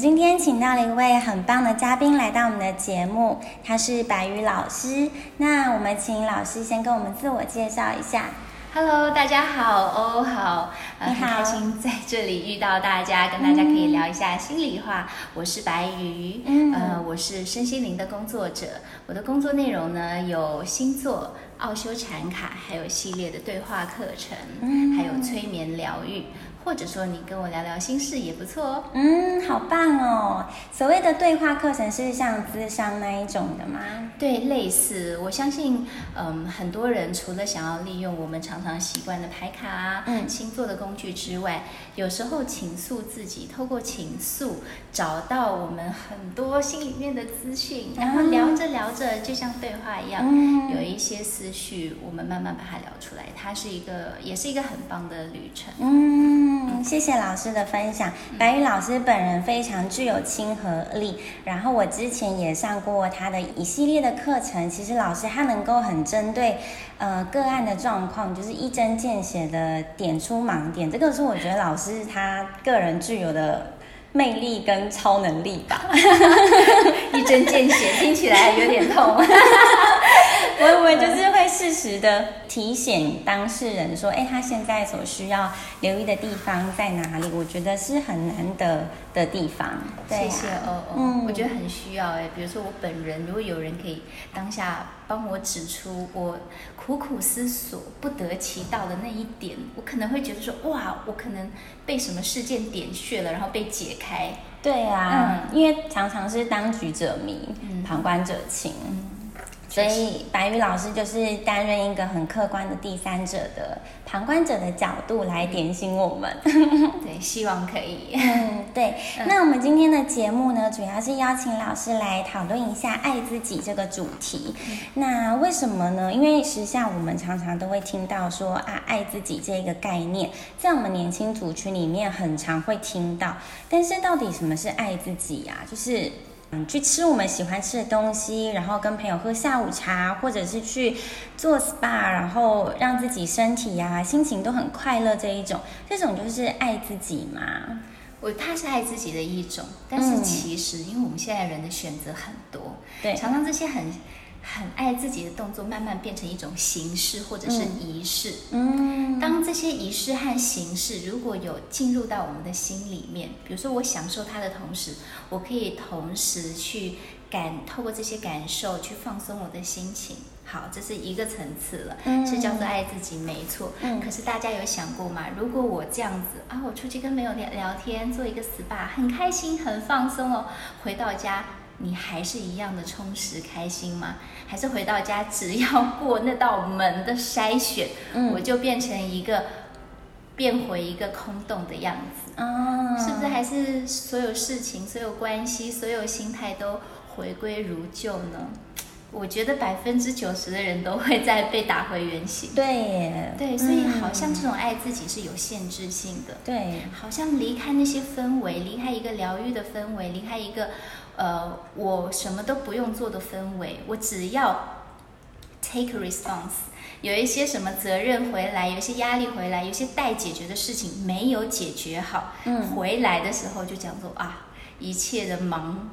今天請到了一位很棒的嘉賓來到我們的節目，他是白瑜老師。那我們請老師先跟我們自我介紹一下。Hello，大家好，哦、oh。好，呃，很開心在這裡遇到大家，嗯、跟大家可以聊一下心裡話。我是白瑜，嗯、呃，我是身心靈的工作者。我的工作內容呢，有星座、奧修禪卡，還有系列的對話課程，嗯、還有催眠療癒。或者說你跟我聊聊心事也不錯哦。嗯，好棒哦。所謂的對話課程是像諮商那一種的嗎？對，類似。我相信，嗯，很多人除了想要利用我們常常習慣的牌卡、啊、嗯、星座的工具之外，有時候傾訴自己，透過傾訴找到我們很多心裡面的資訊，然後聊着聊着、嗯、就像對話一樣，嗯、有一些思緒，我們慢慢把它聊出來，它是一個，也是一個很棒的旅程。嗯。嗯，謝謝老師的分享。白瑜老師本人非常具有親和力，然後我之前也上過他的一系列的課程。其實老師他能夠很針對呃個案的狀況，就是一針見血的點出盲點，這個是我覺得老師他個人具有的魅力跟超能力吧。 一針見血， 聽起來有點痛。 值得提醒當事人說：“哎，他現在所需要留意的地方在哪裡？”我覺得是很難得的地方。對、啊、謝、謝哦、哦、嗯、我覺得很需要哎、欸。比如說我本人，如果有人可以當下幫我指出我苦苦思索不得其道的那一點，我可能會覺得說：“哇，我可能被什麼事件點穴了，然後被解開。”對啊，對呀，嗯，因為常常是當局者迷，嗯、旁觀者清。所以白瑜老師就是擔任一個很客觀的第三者的旁觀者的角度來點醒我們、嗯。 對，希望可以。 嗯，對。那我們今天的節目呢，主要是邀請老師來討論一下“愛自己”這個主題。嗯、那為什麼呢？因為時下我們常常都會聽到說啊，“愛自己”這個概念，在我們年輕族群裡面很常會聽到。但是到底什麼是愛自己呀、啊？就是。嗯，去吃我們喜歡吃的東西，然後跟朋友喝下午茶，或者是去做 SPA，然後讓自己身體呀、啊、心情都很快樂這一種，這種就是愛自己嘛。我怕是愛自己的一種，但是其實、嗯、因為我們現在人的選擇很多，對，常常這些很。很愛自己的動作，慢慢變成一種形式或者是儀式。嗯，當這些儀式和形式如果有進入到我們的心裡面，比如說我享受它的同時，我可以同時去感透過這些感受去放鬆我的心情。好，這是一個層次了，嗯，是叫做愛自己沒錯。嗯，可是大家有想過嗎？如果我這樣子啊，我出去跟朋友聊聊天，做一個 SPA，很開心很放鬆哦，回到家。你還是一樣的充實開心嗎？還是回到家只要過那道門的篩選，嗯、我就變成一個，變回一個空洞的樣子？啊、哦、是不是還是所有事情、所有關係、所有心態都回歸如舊呢？嗯、我覺得百分之九十的人都會再被打回原形。對，對，所以好像這種愛自己是有限制性的。嗯、對，好像離開那些氛圍，離開一個療癒的氛圍，離開一個。呃，我什麼都不用做的氛圍，我只要 take a response，有一些什麼責任回來，有一些壓力回來，有些待解決的事情沒有解決好，嗯、回來的時候就講說啊，一切的忙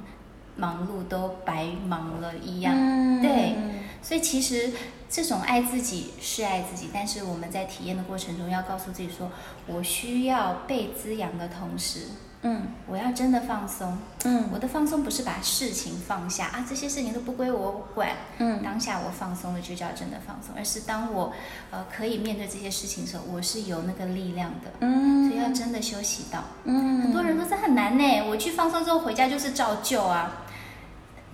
忙碌都白忙了一樣。嗯、對，所以其實這種愛自己是愛自己，但是我們在體驗的過程中要告訴自己說，我需要被滋養的同時。嗯，我要真的放鬆，嗯，我的放鬆不是把事情放下啊，這些事情都不歸我，我管，嗯，當下我放鬆了就叫真的放鬆，而是當我，呃，可以面對這些事情的時候，我是有那個力量的，嗯，所以要真的休息到，嗯，很多人都說很難呢，我去放鬆之後回家就是照舊啊，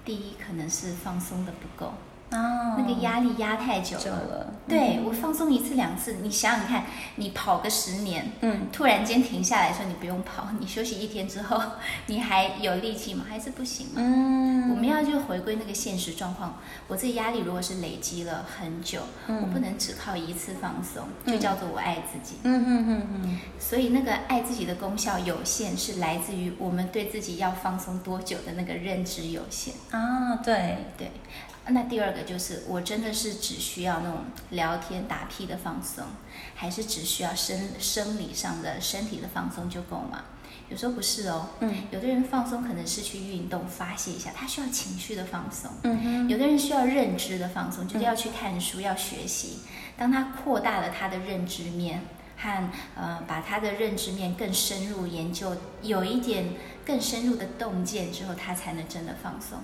第一可能是放鬆的不夠。哦，oh, 那個壓力壓太久了。了對、嗯、我放鬆一次兩次，你想想你看，你跑個十年，嗯，突然間停下來說你不用跑，你休息一天之後，你還有力氣嗎？還是不行嗎？嗯，我們要就回歸那個現實狀況。我自己壓力如果是累積了很久，嗯、我不能只靠一次放鬆，就叫做我愛自己。嗯嗯嗯嗯。所以那個愛自己的功效有限，是來自於我們對自己要放鬆多久的那個認知有限。啊，對對。那第二個就是，我真的是只需要那種聊天打屁的放鬆，還是只需要生生理上的身體的放鬆就夠嗎？有時候不是哦，嗯，有的人放鬆可能是去運動發洩一下，他需要情緒的放鬆，嗯哼，有的人需要認知的放鬆，就是要去看書、嗯、要學習，當他擴大了他的認知面和呃，把他的認知面更深入研究，有一點。更深入的洞見之後，他才能真的放鬆。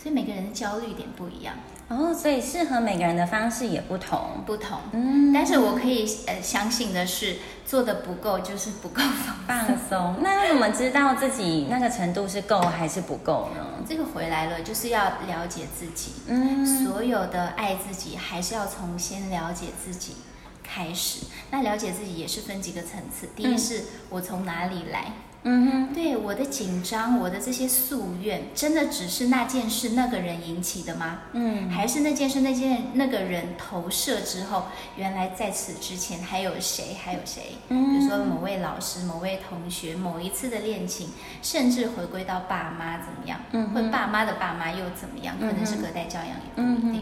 所以每個人的焦慮點不一樣哦，所以適合每個人的方式也不同，不同。嗯，但是我可以呃相信的是，做的不夠就是不夠放鬆。放鬆，那怎麼知道自己那個程度是夠還是不夠呢？ 這個回來了，就是要了解自己。嗯，所有的愛自己還是要從先了解自己開始。那了解自己也是分幾個層次，第一是、嗯、我從哪裡來。嗯哼，mm hmm. 對我的緊張，我的這些夙願，真的只是那件事那個人引起的嗎？嗯、mm，hmm. 還是那件事那件那個人投射之後，原來在此之前還有誰，還有誰？嗯、mm，hmm. 比如說某位老師、某位同學、某一次的戀情，甚至回歸到爸媽怎麼樣？嗯、mm，hmm. 或爸媽的爸媽又怎麼樣？可能是隔代教養也不一定。嗯、mm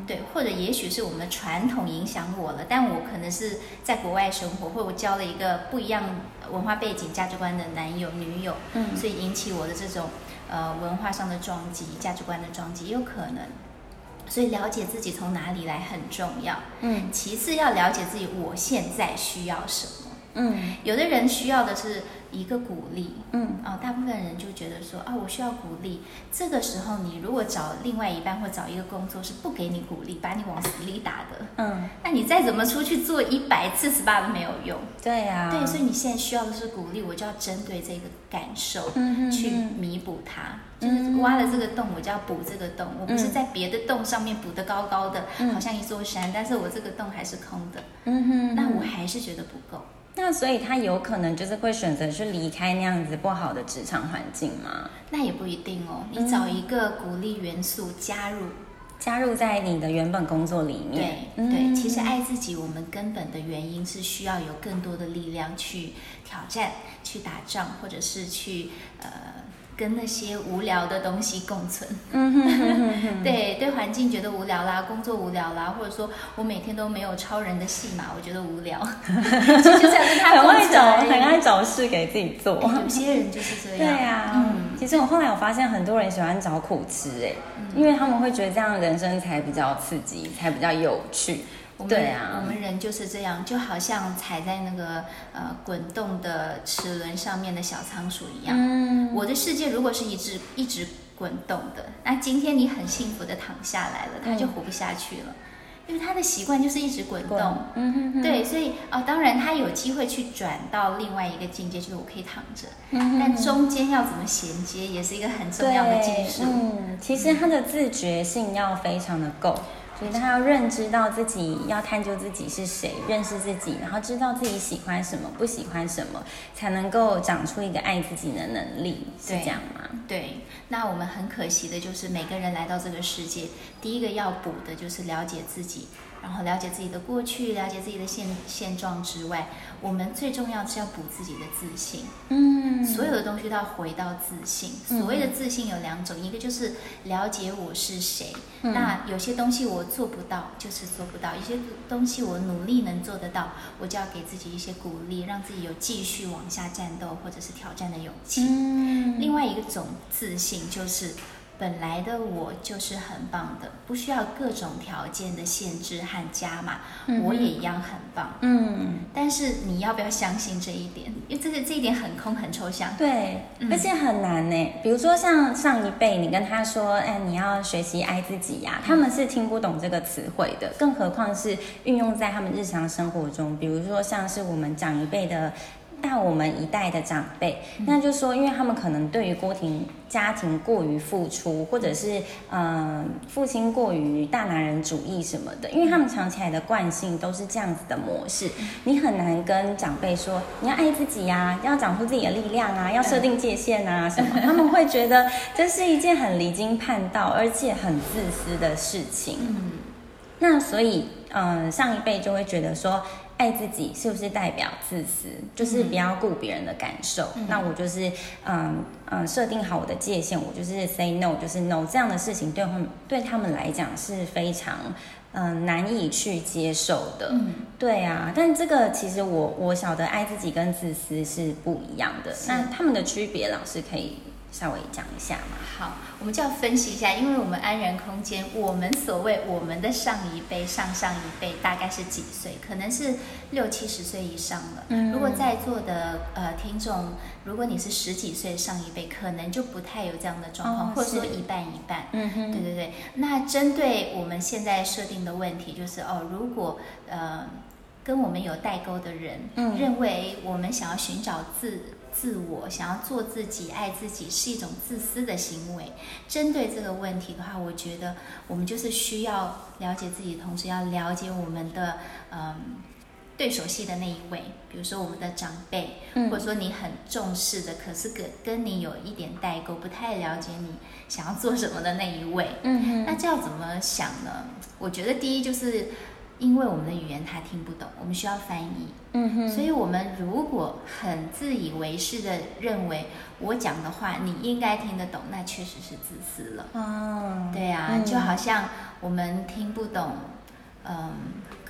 hmm. 對，或者也許是我們傳統影響我了，但我可能是在國外生活，或我交了一個不一樣文化背景、價值觀的男。男友、女友，嗯，所以引起我的這種，呃，文化上的撞擊、價值觀的撞擊，有可能。所以了解自己從哪裡來很重要，嗯。其次要了解自己我現在需要什麼，嗯。有的人需要的是。一個鼓勵，嗯、哦、大部分人就覺得說啊、哦，我需要鼓勵。這個時候，你如果找另外一半或找一個工作，是不給你鼓勵，把你往死裡打的，嗯。那你再怎麼出去做一百次 spa 都沒有用。對呀、啊。對，所以你現在需要的是鼓勵，我就要針對這個感受，嗯嗯，去彌補它。嗯嗯，就是挖了這個洞，我就要補這個洞。嗯、我不是在別的洞上面補得高高的，嗯、好像一座山，但是我這個洞還是空的，嗯哼嗯。但我還是覺得不夠。那所以他有可能就是會選擇去離開那樣子不好的職場環境嗎？那也不一定哦。你找一個鼓勵元素加入，加入在你的原本工作裡面。對對，對，嗯。其實愛自己，我們根本的原因是需要有更多的力量去挑戰、去打仗，或者是去呃。跟那些無聊的東西共存，對、嗯、 對，對環境覺得無聊啦，工作無聊啦，或者說我每天都沒有超人的戲碼，我覺得無聊， 就是很愛找很愛找事給自己做，哎、有些人就是這樣。對呀、啊，嗯，其實我後來我發現很多人喜歡找苦吃、欸，嗯、因為他們會覺得這樣人生才比較刺激，才比較有趣。對啊，我們，我們人就是這樣，對就好像踩在那個呃滾動的齒輪上面的小倉鼠一樣。嗯，我的世界如果是一直一直滾動的，那今天你很幸福的躺下來了，它就活不下去了，嗯、因為它的習慣就是一直滾動。滾嗯、哼哼對，所以哦，當然它有機會去轉到另外一個境界，就是我可以躺着，嗯、哼哼但中間要怎麼銜接，也是一個很重要的技術。嗯，其實它的自覺性要非常的夠。他要認知到自己，要探究自己是誰，認識自己，然後知道自己喜歡什麼，不喜歡什麼，才能夠長出一個愛自己的能力，對是這樣嗎？對。那我們很可惜的就是，每個人來到這個世界，第一個要補的就是了解自己。然後了解自己的過去，了解自己的現現狀之外，我們最重要是要補自己的自信。嗯，所有的東西都要回到自信。所謂的自信有兩種，嗯，一個就是了解我是誰。嗯，那有些東西我做不到，就是做不到；有些東西我努力能做得到，我就要給自己一些鼓勵，讓自己有繼續往下戰鬥或者是挑戰的勇氣。嗯，另外一個種自信就是。本來的我就是很棒的，不需要各種條件的限制和加碼，嗯、哼我也一樣很棒。嗯，但是你要不要相信這一點？因為這個這一點很空很抽象。對，嗯、而且很難呢。比如說像上一輩，你跟他說，哎，你要學習愛自己呀、啊，他們是聽不懂這個詞彙的，更何況是運用在他們日常生活中。比如說像是我們長一輩的。大，我們一代的長輩，那就說，因為他們可能對於郭婷家庭過於付出，或者是嗯、呃，父親過於大男人主義什麼的，因為他們藏起來的慣性都是這樣子的模式，你很難跟長輩說，你要愛自己呀、啊，要長出自己的力量啊，要設定界限啊什麼，他們會覺得這是一件很離經叛道而且很自私的事情。那所以，嗯、呃，上一輩就會覺得說，愛自己是不是代表自私？就是不要顧別人的感受。嗯、那我就是，嗯、呃、嗯，設、呃、定好我的界限，我就是 say no，就是 no。這樣的事情對他們對他們來講是非常，嗯、呃，難以去接受的。嗯、對啊。但這個其實我我曉得，愛自己跟自私是不一樣的。的那他們的區別老師可以。稍微講一下嘛，好，我們就要分析一下，因為我們安然空間，我們所謂我們的上一輩、上上一輩大概是幾歲？可能是六七十歲以上了。嗯，如果在座的呃聽眾，如果你是十幾歲上一輩，可能就不太有這樣的狀況，哦、是或者說一半一半。嗯哼，對對對。那針對我們現在設定的問題，就是哦，如果呃。跟我們有代溝的人，嗯、認為我們想要尋找自自我，想要做自己、愛自己是一種自私的行為。針對這個問題的話，我覺得我們就是需要了解自己，同時要了解我們的，嗯、呃，對手戲的那一位，比如說我們的長輩，嗯、或者說你很重視的，可是跟跟你有一點代溝，不太了解你想要做什麼的那一位，嗯、哼那這要怎麼想呢？我覺得第一就是。因為我們的語言他聽不懂，我們需要翻譯。嗯哼，所以我們如果很自以為是的認為我講的話你應該聽得懂，那確實是自私了。嗯，哦，對啊，嗯，就好像我們聽不懂，嗯。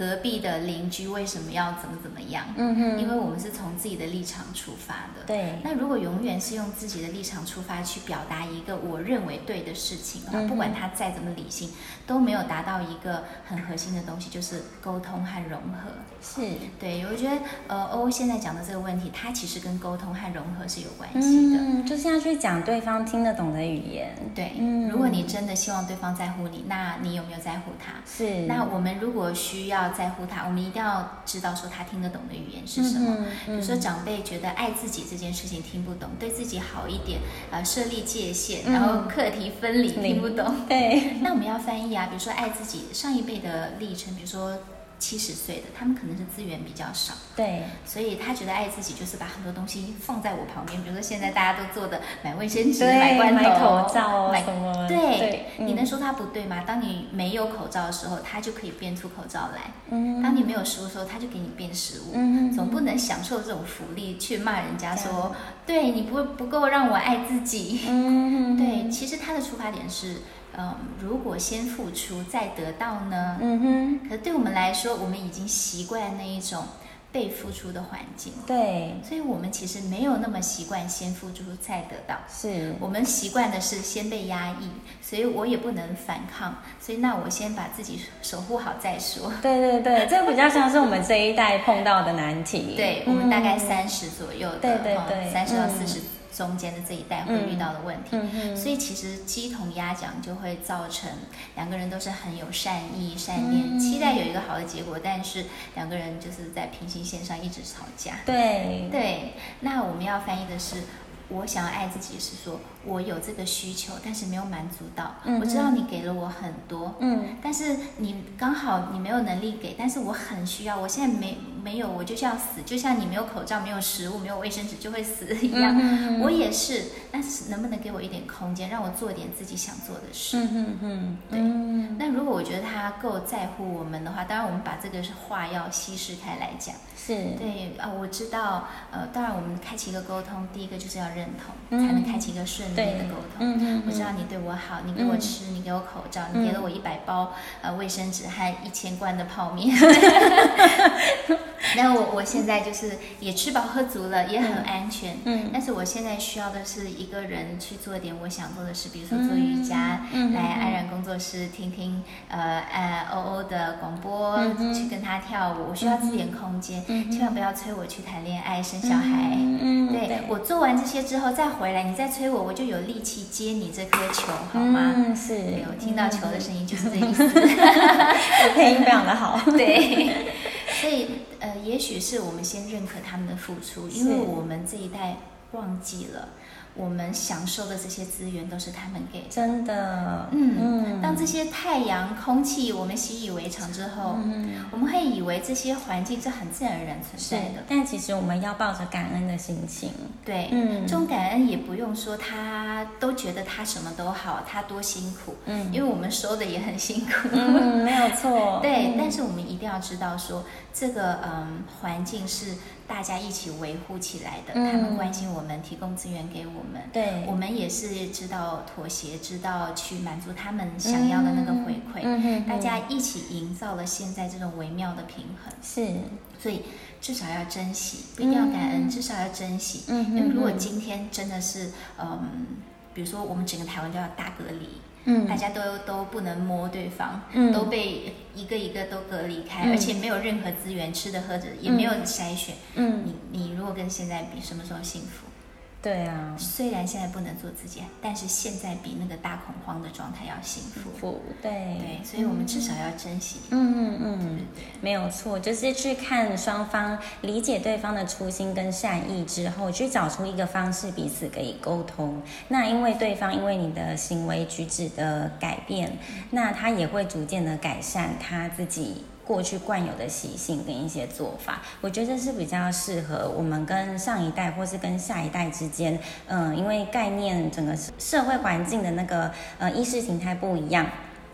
隔壁的鄰居為什麼要怎麼怎麼樣？嗯哼，因為我們是從自己的立場出發的。對，那如果永遠是用自己的立場出發去表達一個我認為對的事情的話，嗯哼，不管他再怎麼理性，都沒有達到一個很核心的東西，就是溝通和融合。是，對，我覺得呃歐、哦、現在講的這個問題，他其實跟溝通和融合是有關係的。嗯，就是要去講對方聽得懂的語言。對，如果你真的希望對方在乎你，那你有沒有在乎他？是。那我們如果需要在乎他，我們一定要知道說他聽得懂的語言是什麼。嗯、哼比如說，長輩覺得愛自己這件事情聽不懂，嗯、對自己好一點，呃，設立界限，然後課題分離、嗯、聽不懂。對，那我們要翻譯啊。比如說，愛自己上一輩的歷程，比如說。七十歲的他們可能是資源比較少，對，所以他覺得愛自己就是把很多東西放在我旁邊，比如說現在大家都做的買衛生紙、買口罩、對買，買什麼，對，對嗯、你能說他不對嗎？當你沒有口罩的時候，他就可以變出口罩來，嗯、當你沒有食物的時候，他就給你變食物。嗯嗯、總不能享受這種福利去罵人家說，樣對你不不夠讓我愛自己。嗯嗯嗯、對，其實他的出發點是。嗯，如果先付出再得到呢？嗯哼。可是對我們來說，我們已經習慣那一種被付出的環境。對。所以，我們其實沒有那麼習慣先付出再得到。是。我們習慣的是先被壓抑，所以我也不能反抗。所以，那我先把自己守護好再說。對對對，這個比較像是我們這一代碰到的難題。 對、嗯、對我們大概三十左右的，對對對，哦、三十到四十、嗯。中間的這一代會遇到的問題，嗯嗯、所以其實雞同鴨講就會造成兩個人都是很有善意、善念，嗯、期待有一個好的結果，嗯、但是兩個人就是在平行線上一直吵架。對、嗯、對，那我們要翻譯的是，我想要愛自己，是說我有這個需求，但是沒有滿足到。嗯、我知道你給了我很多，嗯、但是你剛好你沒有能力給，但是我很需要，我現在沒。沒有，我就像死，就像你沒有口罩、沒有食物、沒有衛生紙就會死一樣。Mm hmm. 我也是，那能不能給我一點空間，讓我做點自己想做的事？嗯嗯嗯，hmm. 對。Mm hmm. 那如果我覺得他夠在乎我們的話，當然我們把這個話要稀釋開來講。是。對啊、呃，我知道，呃，當然我們開啟一個溝通，第一個就是要認同，mm hmm. 才能開啟一個順利的溝通。Mm hmm. 我知道你對我好，你給我吃，mm hmm. 你給我口罩，你給了我一百包呃衛生紙和一千罐的泡麵。 那我我現在就是也吃飽喝足了，也很安全。嗯。但是我現在需要的是一個人去做點我想做的事，比如說做瑜伽，來安然工作室聽聽呃呃 O O 的廣播，去跟他跳舞。我需要一點空間，千萬不要催我去談戀愛、生小孩。對，我做完這些之後再回來，你再催我，我就有力氣接你這顆球，好嗎？嗯，是。我聽到球的聲音就是這意思。配音非常的好。對，所以也許是我們先認可他們的付出，因為我們這一代忘記了。我們享受的這些資源都是他們給的，真的。嗯，嗯，當這些太陽、空氣我們習以為常之後，嗯、我們會以為這些環境是很自然而然存在的對。但其實我們要抱着感恩的心情。對，嗯，這種感恩也不用說他都覺得他什麼都好，他多辛苦。嗯，因為我們收的也很辛苦。嗯，沒有錯。 對，嗯、但是我們一定要知道說這個嗯環境是。大家一起維護起來的，他們關心我們，嗯、提供資源給我們，對我們也是知道妥協，知道去滿足他們想要的那個回饋。嗯，嗯，嗯，嗯，大家一起營造了現在這種微妙的平衡。是，所以至少要珍惜，嗯、一定要感恩，至少要珍惜。嗯嗯，因為如果今天真的是，嗯。比如說，我們整個台灣都要大隔離，嗯、大家都都不能摸對方，嗯、都被一個一個都隔離開，而且沒有任何資源，嗯、吃的喝的也沒有篩選，嗯，你你如果跟現在比，什麼時候幸福？對啊，雖然現在不能做自己，但是現在比那個大恐慌的狀態要幸福。嗯、對，對，所以我們至少要珍惜。嗯、對、對、嗯，嗯，沒有錯，就是去看雙方理解對方的初心跟善意之後，嗯、去找出一個方式彼此可以溝通。那因為對方，因為你的行為舉止的改變，嗯、那他也會逐漸的改善他自己。過去慣有的習性跟一些做法，我覺得是比較適合我們跟上一代或是跟下一代之間，嗯，因為概念整個社會環境的那個呃、嗯、意識形態不一樣。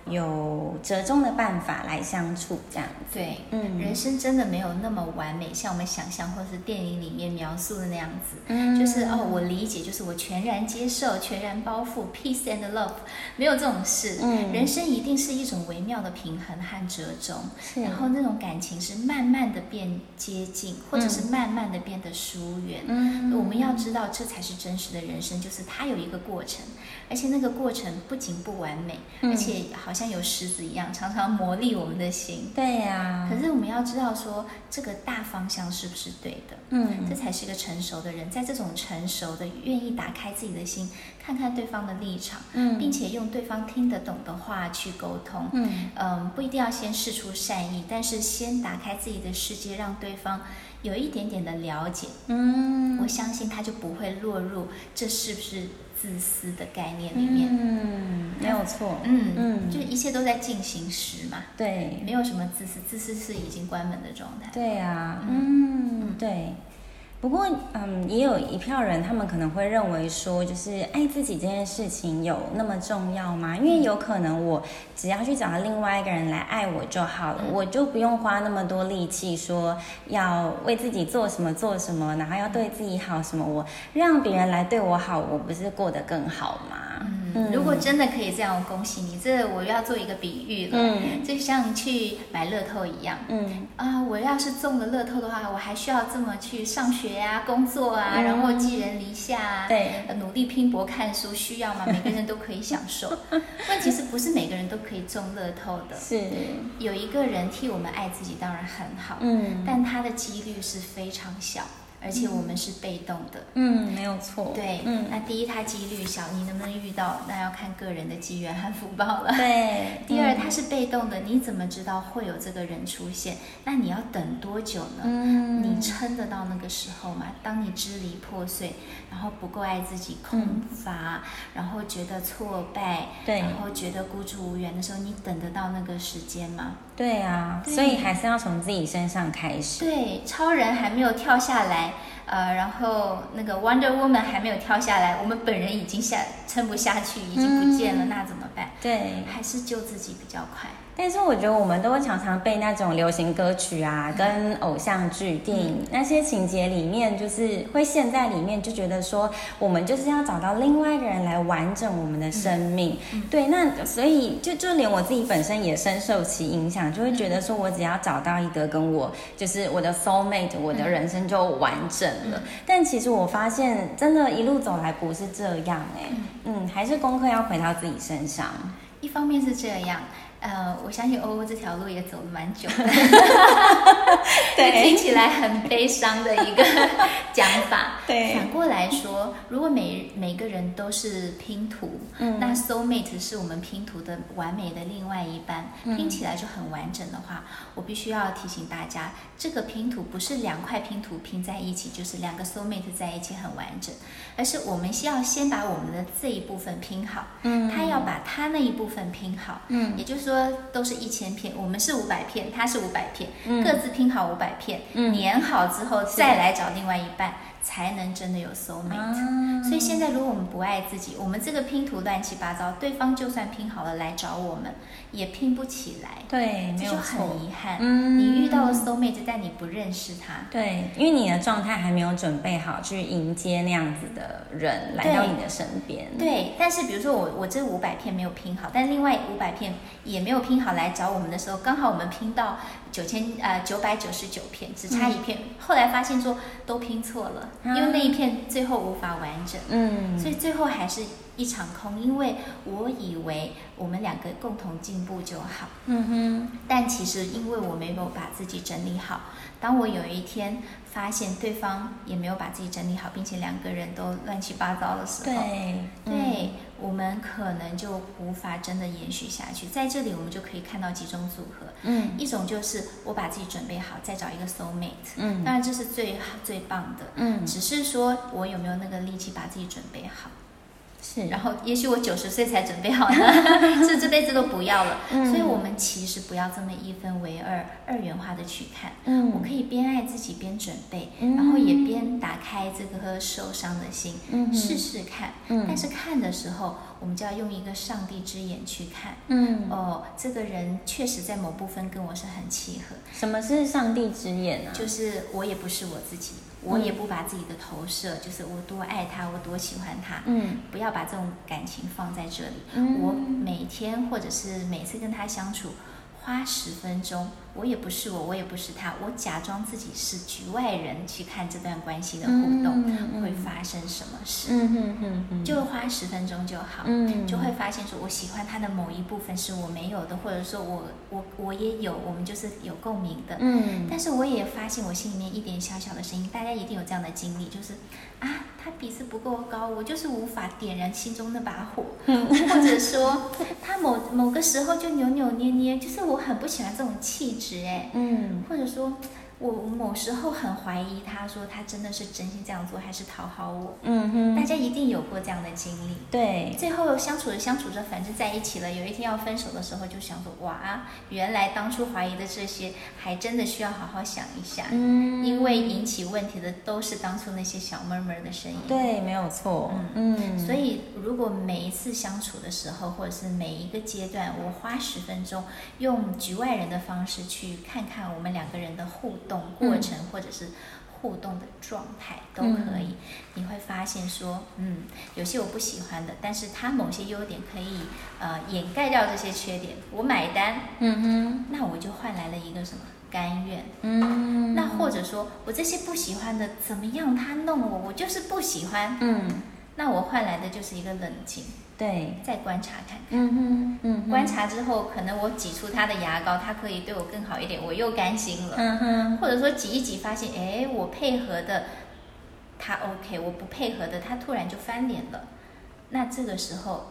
有折中的辦法來相處，這樣子。對，嗯、人生真的沒有那麼完美，像我們想象或是電影裡面描述的那樣子。嗯、就是哦，我理解，就是我全然接受，全然包袱 peace and love，沒有這種事。嗯、人生一定是一種微妙的平衡和折中。啊、然後那種感情是慢慢的變接近，或者是慢慢的變得疏遠。嗯嗯、我們要知道這才是真實的人生，嗯、就是它有一個過程，而且那個過程不僅不完美，嗯、而且好。像有石子一樣，常常磨礪我們的心。對呀、啊，可是我們要知道說這個大方向是不是對的？嗯，這才是一個成熟的人，在這種成熟的，願意打開自己的心，看看對方的立場，嗯，並且用對方聽得懂的話去溝通。嗯、呃，不一定要先釋出善意，但是先打開自己的世界，讓對方有一點點的了解。嗯，我相信他就不會落入這是不是自私的概念裡面，嗯，對，沒有錯。嗯嗯，嗯，就是一切都在進行時嘛。對，對，沒有什麼自私，自私是已經關門的狀態。對呀、啊，嗯，嗯，對。不過，嗯，也有一票人，他們可能會認為說，就是愛自己這件事情有那麼重要嗎？嗯、因為有可能我只要去找另外一個人來愛我就好了，嗯、我就不用花那麼多力氣說要為自己做什麼做什麼，然後要對自己好什麼，我讓別人來對我好，嗯、我不是過得更好嗎？嗯、如果真的可以這樣，我恭喜你！這我要做一個比喻了，嗯、就像去買樂透一樣，嗯啊，我要是中了樂透的話，我還需要這麼去上學？工作啊，然後寄人籬下啊，嗯、對，努力拼搏、看書需要嗎？每個人都可以享受，問題是不是每個人都可以中樂透的？是有一個人替我們愛自己，當然很好，嗯、但他的幾率是非常小。而且我們是被動的，嗯，嗯，沒有錯，對，嗯，那第一，它幾率小，你能不能遇到，那要看個人的機緣和福報了。對，嗯、第二，它是被動的，你怎麼知道會有這個人出現？那你要等多久呢？嗯，你撐得到那個時候嗎？當你支離破碎，然後不夠愛自己，空乏、嗯，然後覺得挫敗，對，然後覺得孤注無援的時候，你等得到那個時間嗎？對啊，對，所以還是要從自己身上開始。對，超人還沒有跳下來，呃，然後那個 Wonder Woman 還沒有跳下來，我們本人已經下，撐不下去，已經不見了，嗯，那怎麼辦？對，還是救自己比較快。但是我覺得我們都會常常被那種流行歌曲啊，嗯、跟偶像劇、電影、嗯、那些情節裡面，就是會陷在裡面，就覺得說我們就是要找到另外一個人來完整我們的生命。嗯嗯、對，那所以就就連我自己本身也深受其影響，就會覺得說我只要找到一個跟我就是我的 soul mate，、嗯、我的人生就完整了。嗯、但其實我發現，真的，一路走來不是這樣誒、欸，嗯，嗯，還是功課要回到自己身上。一方面是這樣。呃，我相信歐歐這條路也走了蠻久， 對，對，聽起來很悲傷的一個講法。對，反過來說，如果每每個人都是拼圖，嗯，那 soul mate 是我們拼圖的完美的另外一半，嗯、拼起來就很完整的話，我必須要提醒大家，這個拼圖不是兩塊拼圖拼在一起，就是兩個 soul mate 在一起很完整，而是我們需要先把我們的這一部分拼好，嗯，他要把他那一部分拼好，嗯，也就是。說都是一千片，我們是五百片，他是五百片，嗯、各自拼好五百片，粘、嗯、好之後再來找另外一半。嗯才能真的有 soul mate，、啊、所以現在如果我們不愛自己，我們這個拼圖亂七八糟，對方就算拼好了來找我們，也拼不起來。對，沒有錯。就很遺憾，嗯、你遇到了 soul mate，但你不認識他。對，因為你的狀態還沒有準備好去迎接那樣子的人來到你的身邊。對，對，但是比如說我，我這五百片沒有拼好，但另外五百片也沒有拼好，來找我們的時候，剛好我們拼到。九千，呃、九百九十九片，只差一片，嗯、後來發現說都拼錯了，嗯、因為那一片最後無法完整，嗯，所以最後還是一場空，因為我以為我們兩個共同進步就好，嗯哼，但其實因為我沒有把自己整理好，當我有一天。發現對方也沒有把自己整理好，並且兩個人都亂七八糟的時候，對，對、嗯、我們可能就無法真的延續下去。在這裡，我們就可以看到幾種組合，嗯，一種就是我把自己準備好，再找一個 soul mate，嗯，當然這是最最棒的，嗯，只是說我有沒有那個力氣把自己準備好。是，然後也許我九十歲才準備好的， 是這輩子都不要了。嗯、哼所以，我們其實不要這麼一分為二、二元化的去看。嗯，我可以邊愛自己邊準備，嗯、哼然後也邊打開這顆受傷的心，嗯哼，試試看。嗯、但是看的時候，我們就要用一個上帝之眼去看。嗯，哦，這個人確實在某部分跟我是很契合。什麼是上帝之眼呢、啊？就是我也不是我自己。我也不把自己的投射，嗯、就是我多愛他，我多喜歡他，嗯、不要把這種感情放在這裡。嗯、我每天或者是每次跟他相處，花十分鐘。我也不是我，我也不是他，我假裝自己是局外人去看這段關係的互動，嗯嗯、會發生什麼事。嗯嗯嗯嗯，嗯嗯嗯就花十分鐘就好。嗯，就會發現說我喜歡他的某一部分是我沒有的，或者說我我我也有，我們就是有共鳴的。嗯，但是我也發現我心裡面一點小小的聲音，大家一定有這樣的經歷，就是啊，他鼻子不夠高，我就是無法點燃心中那把火，嗯、或者說 他某某個時候就扭扭捏捏捏，就是我很不喜歡這種氣質。嗯，或者說。我某時候很懷疑，他說他真的是真心這樣做，還是討好我？嗯哼，大家一定有過這樣的經歷。對，最後相處着相處着，反正在一起了。有一天要分手的時候，就想說哇，原來當初懷疑的這些，還真的需要好好想一下。嗯，因為引起問題的都是當初那些小悶悶的聲音。對，沒有錯。嗯嗯，嗯所以如果每一次相處的時候，或者是每一個階段，我花十分鐘用局外人的方式去看看我們兩個人的互動動過程或者是互動的狀態都可以，嗯，你會發現說，嗯，有些我不喜歡的，但是他某些優點可以呃掩蓋掉這些缺點，我買單，嗯哼，那我就換來了一個什麼甘願，嗯，那或者說，我這些不喜歡的怎麼樣，他弄我，我就是不喜歡，嗯，那我換來的就是一個冷靜。對，再觀察看看。嗯哼，嗯哼，觀察之後，可能我擠出他的牙膏，他可以對我更好一點，我又甘心了。嗯哼，或者說擠一擠，發現，哎，我配合的他 OK，我不配合的他突然就翻臉了。那這個時候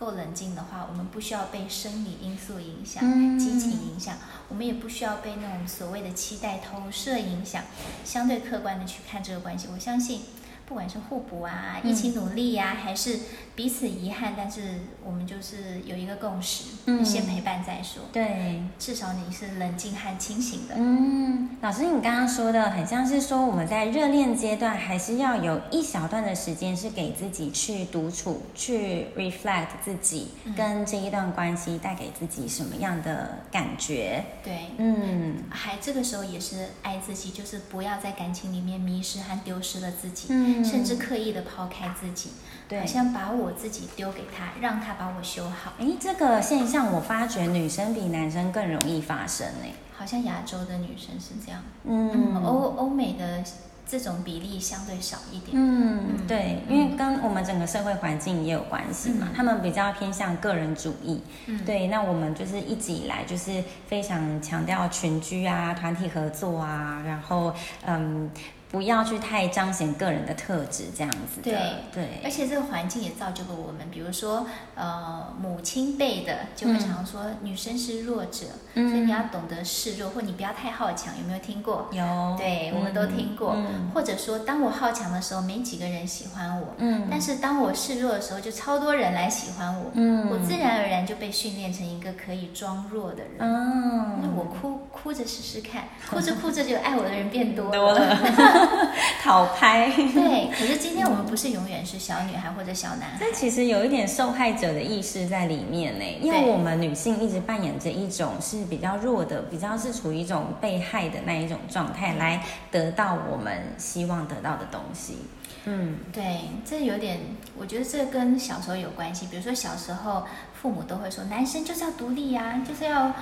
夠冷靜的話，我們不需要被生理因素影響、嗯、激情影響，我們也不需要被那種所謂的期待投射影響，相對客觀的去看這個關係。我相信，不管是互補啊，嗯、一起努力呀、啊，還是。彼此遺憾，但是我們就是有一個共識，先陪伴再說。對，至少你是冷靜和清醒的。嗯，老師，你剛剛說的很像是說，我們在熱戀階段還是要有一小段的時間是給自己去獨處，去 reflect 自己，嗯，跟這一段關係帶給自己什麼樣的感覺。對，嗯，還這個時候也是愛自己，就是不要在感情裡面迷失和丟失了自己，嗯，甚至刻意的拋開自己。對，好像把我自己丟給他，讓他把我修好。哎，這個現象我發覺女生比男生更容易發生哎、欸，好像亞洲的女生是這樣。嗯，歐歐、嗯、美的這種比例相對少一點。嗯，對，嗯、因為跟我們整個社會環境也有關係、嗯、嘛，他們比較偏向個人主義。嗯、對，那我們就是一直以來就是非常強調群居啊、團體合作啊，然後嗯。不要去太彰顯個人的特質，這樣子。對對。而且這個環境也造就了我們，比如說，呃，母親輩的就會常說女生是弱者，所以你要懂得示弱，或你不要太好強，有沒有聽過？有。對，我們都聽過。或者說，當我好強的時候，沒幾個人喜歡我。嗯。但是當我示弱的時候，就超多人來喜歡我。嗯。我自然而然就被訓練成一個可以裝弱的人。嗯。那我哭哭着試試看，哭着哭着就愛我的人變多了。 討拍。對，可是今天我們不是永遠是小女孩或者小男孩，嗯，這其實有一點受害者的意識在裡面呢。因為我們女性一直扮演着一種是比較弱的，比較是處於一種被害的那一種狀態，來得到我們希望得到的東西。嗯，對，這有點，我覺得這跟小時候有關係。比如說小時候，父母都會說，男生就是要獨立呀、啊，就是要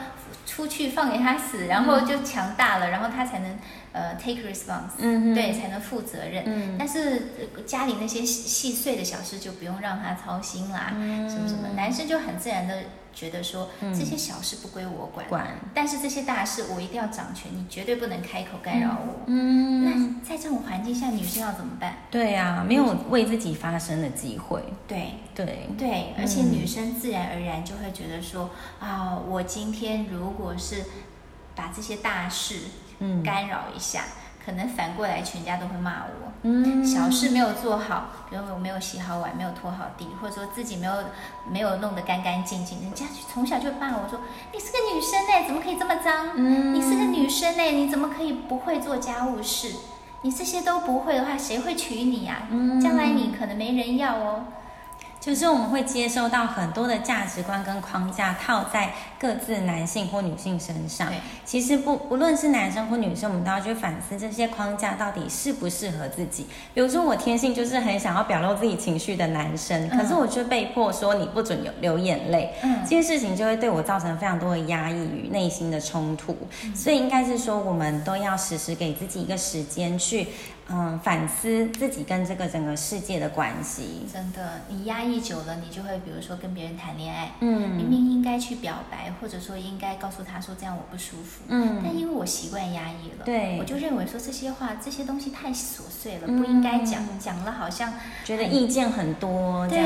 出去放給他死，然後就強大了，嗯、然後他才能呃 take response，嗯哼，對，才能負責任。嗯，但是家裡那些細、細碎的小事就不用讓他操心啦、啊，嗯，什麼什麼，男生就很自然的。覺得說這些小事不歸我管，嗯、管，但是這些大事我一定要掌權，你絕對不能開口干擾我。嗯，嗯，那在這種環境下，女生要怎麼辦？對呀、啊，沒有為自己發聲的機會。對對對，而且女生自然而然就會覺得說，嗯、啊，我今天如果是把這些大事嗯干擾一下。嗯可能反過來，全家都會罵我。嗯，小事沒有做好，比如我沒有洗好碗，沒有拖好地，或者說自己沒有沒有弄得乾乾淨淨，人家從小就罵我說：“你是個女生嘞，怎麼可以這麼髒？嗯，你是個女生嘞，你怎麼可以不會做家務事？你這些都不會的話，誰會娶你呀？嗯，將來你可能沒人要哦。”就是我們會接收到很多的價值觀跟框架套在各自男性或女性身上。對其實不不論是男生或女生，我們都要去反思這些框架到底適不適合自己。比如說我天性就是很想要表露自己情緒的男生，可是我卻被迫說，你不准有流眼淚，這件、嗯、事情就會對我造成非常多的壓抑與內心的衝突。嗯、所以應該是說我們都要時時給自己一個時間去。嗯，反思自己跟這個整個世界的關係。真的，你壓抑久了，你就會比如說跟別人談戀愛，嗯，明明應該去表白，或者說應該告訴他說這樣我不舒服，嗯，但因為我習慣壓抑了，對，我就認為說這些話這些東西太瑣碎了，不應該講，講了好像覺得意見很多，對，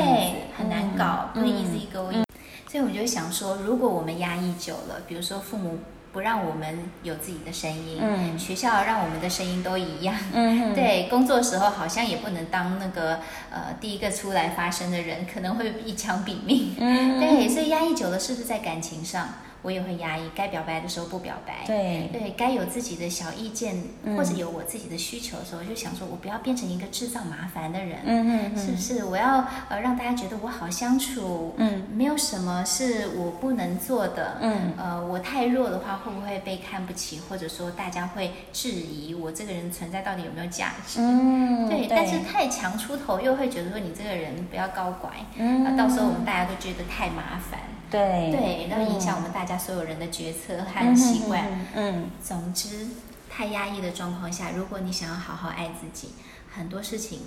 很難搞，不是 easy going。所以我們就想說，如果我們壓抑久了，比如說父母。不讓我們有自己的聲音，嗯，學校讓我們的聲音都一樣，嗯，對，工作時候好像也不能當那個呃第一個出來發聲的人，可能會一槍斃命，嗯，對，所以壓抑久了，是不是在感情上？我也會壓抑，該表白的時候不表白，對，對，該有自己的小意見、嗯、或者有我自己的需求的時候，就想說，我不要變成一個製造麻煩的人，嗯哼哼，是不是？我要呃讓大家覺得我好相處，嗯，沒有什麼是我不能做的，嗯，呃，我太弱的話會不會被看不起，或者說大家會質疑我這個人存在到底有沒有價值？嗯，對，對，但是太強出頭又會覺得說你這個人不要搞怪，嗯、呃，到時候我們大家都覺得太麻煩。對對，然後影響我們大家所有人的決策和習慣、嗯嗯嗯。嗯，總之，太壓抑的狀況下，如果你想要好好愛自己，很多事情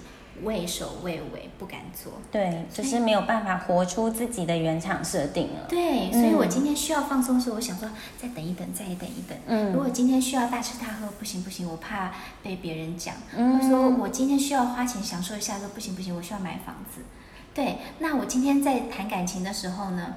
畏首畏尾，不敢做。對，以就是沒有辦法活出自己的原廠設定了。了對，所以我今天需要放鬆的時候，我想說再等一等，再等一等。嗯，如果今天需要大吃大喝，不行不行，我怕被別人講。嗯，他說我今天需要花錢享受一下，說不行不行，我需要買房子。對，那我今天在談感情的時候呢？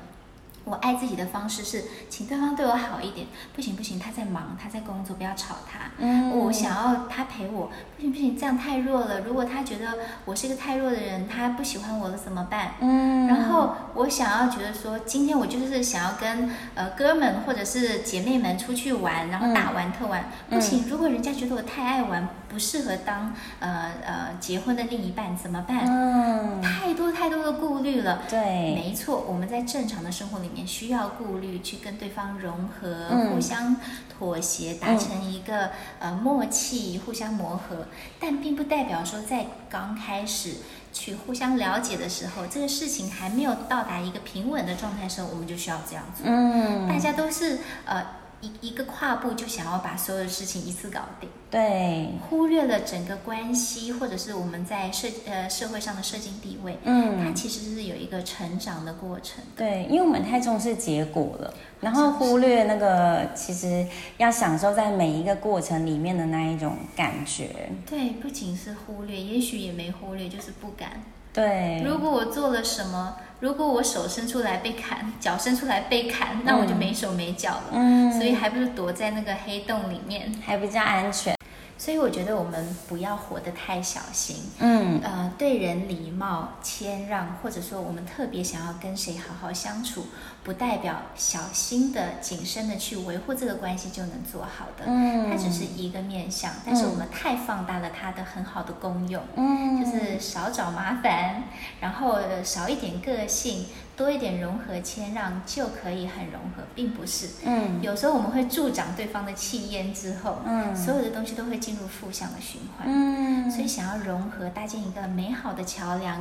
我愛自己的方式是，請對方對我好一點。不行不行，他在忙，他在工作，不要吵他。嗯，我想要他陪我。不行不行，這樣太弱了。如果他覺得我是一個太弱的人，他不喜歡我了怎麼辦？嗯。然後我想要覺得說，今天我就是想要跟呃哥們或者是姐妹們出去玩，然後大玩特玩。嗯，不行，如果人家覺得我太愛玩。不適合當呃呃結婚的另一半怎麼辦？嗯，太多太多的顧慮了。對，沒錯，我們在正常的生活裡面需要顧慮，去跟對方融合，嗯、互相妥協，達成一個、嗯、呃默契，互相磨合。但並不代表說在剛開始去互相了解的時候，嗯、這個事情還沒有到達一個平穩的狀態的時候，我們就需要這樣做。嗯，大家都是呃。一一個跨步，就想要把所有的事情一次搞定，對，忽略了整個關係，或者是我們在社呃社會上的社經地位，嗯，它其實是有一個成長的過程，對，對，因為我們太重視結果了，然後忽略那個其實要享受在每一個過程裡面的那一種感覺，對，不僅是忽略，也許也沒忽略，就是不敢，對，如果我做了什麼。如果我手伸出來被砍，腳伸出來被砍，那我就沒手沒腳了。嗯，嗯，所以還不如躲在那個黑洞裡面，還比較安全。所以我覺得我們不要活得太小心，嗯，呃，對人禮貌謙讓，或者說我們特別想要跟誰好好相處，不代表小心的、謹慎的去維護這個關係就能做好的，嗯，它只是一個面向，但是我們太放大了它的很好的功用，嗯，就是少找麻煩，然後少一點個性。多一點融合，謙讓就可以很融合，並不是。嗯，有時候我們會助長對方的氣焰，之後，嗯，所有的東西都會進入負向的循環。嗯，所以想要融合，搭建一個美好的橋樑。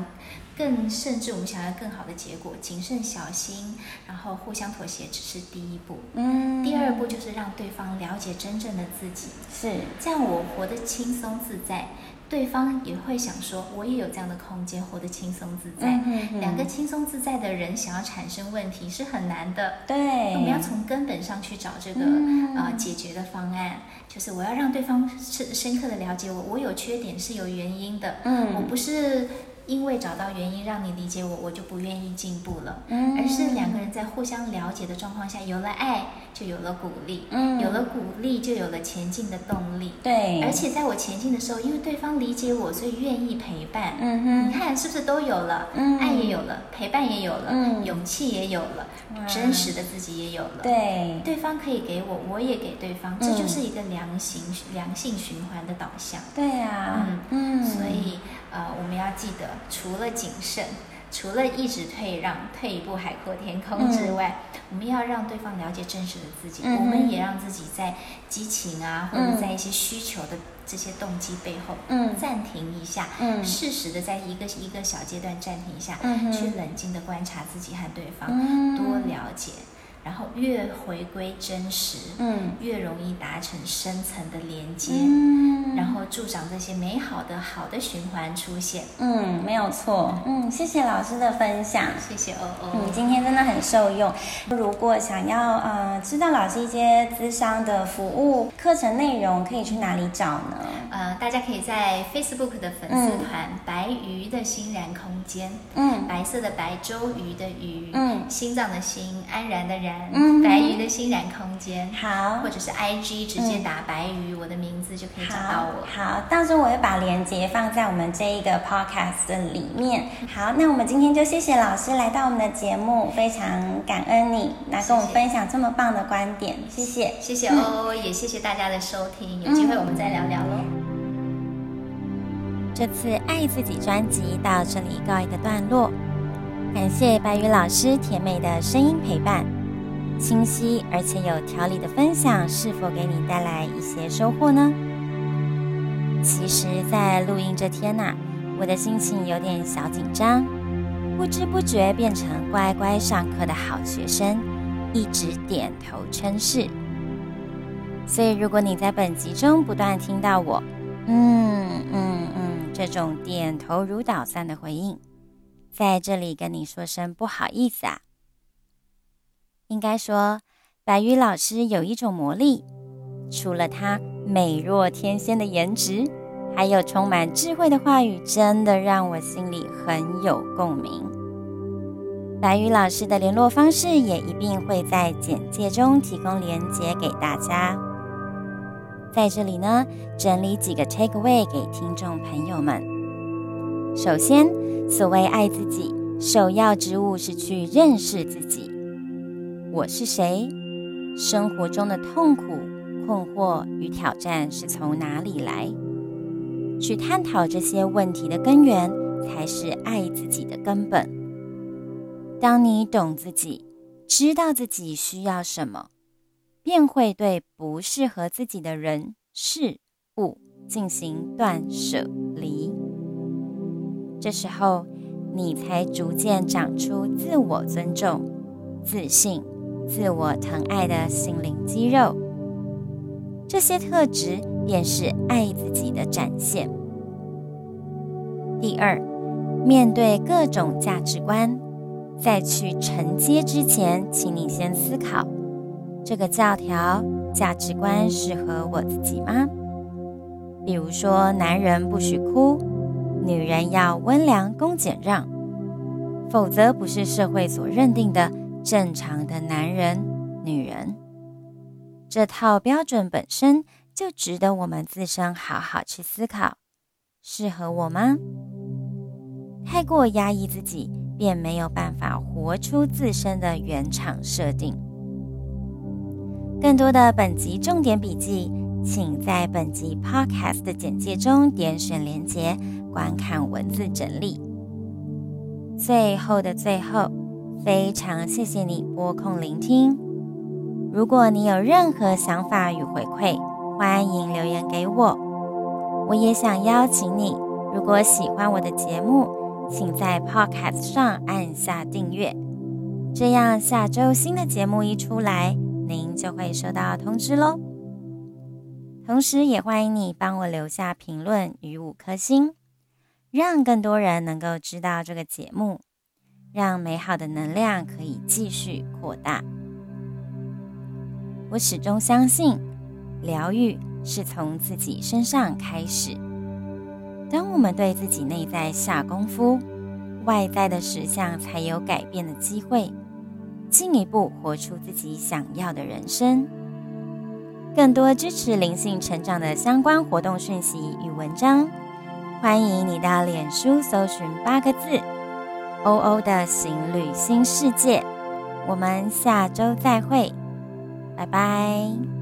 更甚至，我們想要更好的結果，謹慎小心，然後互相妥協，只是第一步。嗯，第二步就是讓對方了解真正的自己。是這樣，我活得輕鬆自在，對方也會想說，我也有這樣的空間，活得輕鬆自在。嗯嗯嗯、兩個輕鬆自在的人想要產生問題是很難的。對，我們要從根本上去找這個、嗯、呃解決的方案，就是我要讓對方深深刻的了解我，我有缺點是有原因的。嗯，我不是。因為找到原因，讓你理解我，我就不願意進步了。嗯，而是兩個人在互相了解的狀況下，有了愛，就有了鼓勵。嗯，有了鼓勵，就有了前進的動力。對。而且在我前進的時候，因為對方理解我，所以願意陪伴。嗯哼。你看是不是都有了？嗯，愛也有了，陪伴也有了，勇氣也有了，真實的自己也有了。對。對方可以給我，我也給對方，這就是一個良性良性循環的導向。對啊。嗯嗯。所以。呃，我們要記得，除了謹慎，除了一直退讓、退一步海闊天空之外，嗯，我們要讓對方了解真實的自己，嗯，我們也讓自己在激情啊，或者在一些需求的這些動機背後，嗯，暫停一下，嗯，適時的在一個一個小階段暫停一下，嗯，去冷靜的觀察自己和對方，嗯，多了解。然後越回歸真實，嗯，越容易達成深層的連接，嗯，然後助長這些美好的好的循環出現，嗯，沒有錯，嗯，謝謝老師的分享，謝謝歐歐，你、嗯、今天真的很受用。如果想要呃知道老師一些諮商的服務課程內容，可以去哪裡找呢？呃，大家可以在 Facebook 的粉絲團“嗯、白瑜的心然空間”，嗯，白色的白魚的魚，周瑜的瑜，嗯，心臟的心，安然的然。嗯，白瑜的欣然空間，嗯、好，或者是 IG 直接打白瑜，嗯、我的名字就可以找到我。好，好，到時候我會把鏈接放在我們這一個 podcast 裡面。嗯、好，那我們今天就謝謝老師來到我們的節目，非常感恩你，來、嗯、跟我們分享這麼棒的觀點，謝謝，謝謝、嗯、哦，也謝謝大家的收聽，有機會我們再聊聊嘍。嗯、這次愛自己專輯到這裡告一個段落，感謝白瑜老師甜美的聲音陪伴。清晰而且有條理的分享，是否給你帶來一些收穫呢？其實，在錄音這天吶、啊，我的心情有點小緊張，不知不覺變成乖乖上課的好學生，一直點頭稱是。所以，如果你在本集中不斷聽到我“嗯嗯嗯”這種點頭如搗蒜的回應，在這裡跟你說聲不好意思啊。應該說，白瑜老師有一種魔力，除了她美若天仙的顏值，還有充滿智慧的話語，真的讓我心裡很有共鳴。白瑜老師的聯絡方式也一定會在簡介中提供鏈接給大家。在這裡呢，整理幾個 take away 給聽眾朋友們。首先，所謂愛自己，首要之務是去認識自己。我是誰？生活中的痛苦、困惑與挑戰是從哪裡來？去探討這些問題的根源，才是愛自己的根本。當你懂自己，知道自己需要什麼，便會對不適合自己的人、事、物進行斷捨離。這時候，你才逐漸長出自我尊重、自信。自我疼愛的心靈肌肉，這些特質便是愛自己的展現。第二，面對各種價值觀，在去承接之前，請你先思考：這個教條價值觀適合我自己嗎？比如說，男人不許哭，女人要溫良恭儉讓，否則不是社會所認定的。正常的男人、女人，這套標準本身就值得我們自身好好去思考：適合我嗎？太過壓抑自己，便沒有辦法活出自身的原廠設定。更多的本集重點筆記，請在本集 Podcast 的簡介中點選鏈接觀看文字整理。最後的最後。非常謝謝你撥空聆聽。如果你有任何想法與回饋，歡迎留言給我。我也想邀請你，如果喜歡我的節目，請在 Podcast 上按下訂閱，這樣下周新的節目一出來，您就會收到通知嘍。同時，也歡迎你幫我留下評論與五顆星，讓更多人能夠知道這個節目。讓美好的能量可以繼續擴大。我始終相信，療癒是從自己身上開始。當我們對自己內在下功夫，外在的實相才有改變的機會，進一步活出自己想要的人生。更多支持靈性成長的相關活動訊息與文章，歡迎你到臉書搜尋八個字。歐歐的行旅新世界，我們下周再會，拜拜。